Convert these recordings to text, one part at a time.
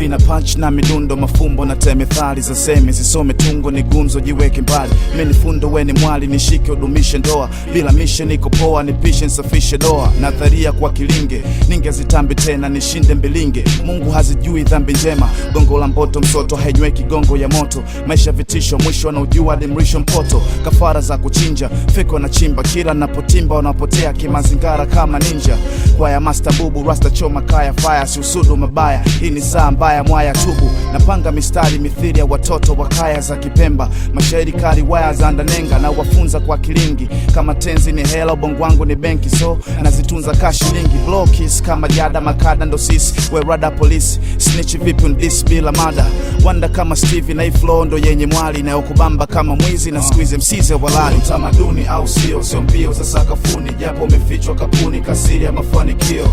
mavi na punch na midundo mafumbo na temethali za semi zisome tungo ni gumzo jiweke mbali menifundo weni mwali nishike udumishe ndoa bila mishe niko poa nipishe nsafishe doa nadharia kwa kilinge ningezitambi tena nishinde mbilinge Mungu hazijui dhambi njema gongo la mboto msoto hainyweki gongo ya moto maisha vitisho mwisho wanaojua dimrisho mpoto kafara za kuchinja fiko na chimba kila napotimba unapotea kimazingara kama ninja kwaya master bubu rasta choma kaya fire siusudu mabaya hii ni saa mbaya kwaya mwaya tubu napanga mistari mithiri ya watoto wa kaya za Kipemba, mashairi kali waya za ndanenga na wafunza kwa kilingi. Kama tenzi ni hela, ubongo wangu ni benki, so nazitunza ka shilingi. Blokis kama jada makada, ndo sisi werada polisi. Snitch vipi ndis bila mada, wanda kama Stevie na iflo ndo yenye mwali inayokubamba kama mwizi na squeeze msize walali. Utamaduni au sio? Sio mbio za sakafuni, japo umefichwa kapuni, kasiri ya mafanikio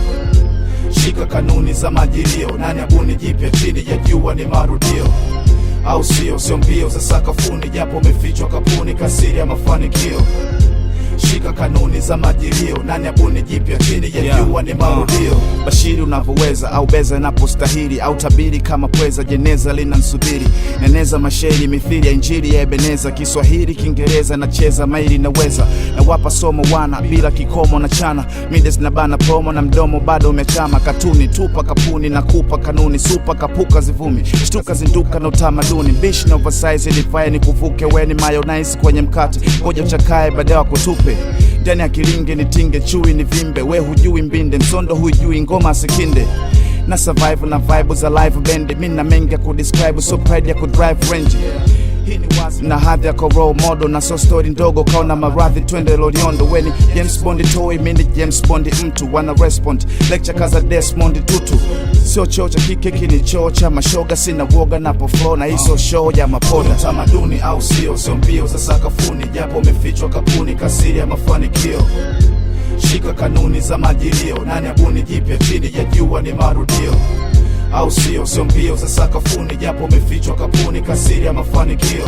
Shika kanuni za majilio, nani abuni jipya chini ya jua ni marudio au sio? Sio mbio za sakafuni, japo umefichwa kapuni kasiri ya mafanikio shika kanuni za majilio, nani abuni jipya chini ya yeah, jua ni uh-huh. maulio. Uh, bashiri unavyoweza au beza inapostahili au tabiri kama pweza, jeneza lina nsubiri, neneza mashairi mithiri ya injili ya Ebeneza, Kiswahili Kiingereza nacheza maili naweza, nawapa somo wana bila kikomo na chana, mides na bana promo na mdomo bado umechama, katuni tupa kapuni na kupa kanuni, supa kapuka zivumi, shtuka zinduka na utamaduni, bishi na oversize ilifaya ni kuvuke weni mayonnaise kwenye mkate, ngoja uchakae baadaye wakutupa kikombe ndani ya ni tinge chui ni vimbe we hujui mbinde msondo hujui ngoma sikinde na survive na vibe za live bendi mina mengi ya kudescribe so pride ya kudrive range na hadhi yako role model na so story ndogo kaona maradhi twende Loliondo weni James bondi toy mini James bondi mtu wana respond lecture kaza Desmond Tutu sio choo cha kike kini choo cha mashoga sina woga napo flow na hizo show ya mapoda tamaduni au sio sio mbio za sakafuni japo umefichwa kapuni kasiri ya mafanikio shika kanuni za majilio nani abuni jipya chini ya jua ni marudio au sio? Sio mbio za sakafuni, japo umefichwa kapuni, kasiri ya mafanikio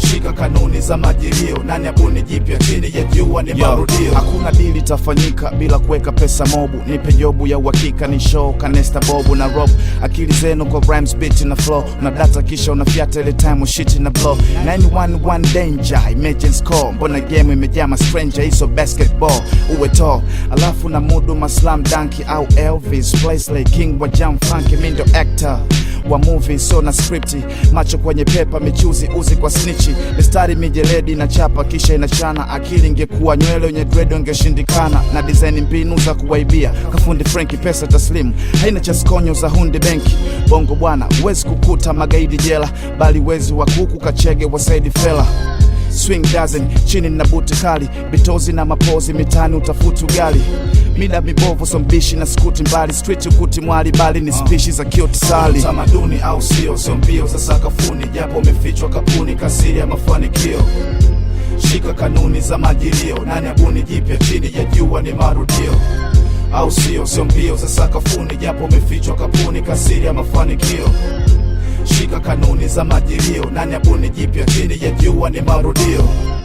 shika kanuni za majilio, nani abuni jipya chini ya jua ni marudio. Hakuna dili tafanyika bila kuweka pesa mobu, nipe jobu ya uhakika ni show kanesta bobu na rob, akili zenu kwa rhymes, beat na flow na data, kisha unafyata ile time shit na blow 911 danger imagine score, mbona game imejaa ma stranger hizo basketball, uwe to alafu na mudu ma slam danki au Elvis Presley, king wa jam funk mindo actor wa movie so na scripti, macho kwenye pepa, michuzi uzi kwa snitch maandishi, mistari mijeledi na chapa kisha inachana. Akili ingekuwa nywele wenye dredo ingeshindikana, na design mbinu za kuwaibia kafundi frenki pesa taslimu haina cha skonyo za hundi benki. Bongo bwana, huwezi kukuta magaidi jela, bali wezi wa kuku kachege wasaidi fela Swing dozen chini na buti kali, bitozi na mapozi, mitani utafuti ugali Mida mibovu so mbishi na skuti mbali street ukuti mwali bali ni spishi za kiotisali tamaduni au sio, so mbio za sakafuni japo umefichwa kapuni kasiri ya mafanikio Shika kanuni za majilio, nani abuni jipya chini ya jua ni marudio, au sio? Sio mbio za sakafuni, japo umefichwa kapuni, kasiri ya mafanikio. Shika kanuni za majilio, nani abuni jipya chini ya jua ni marudio.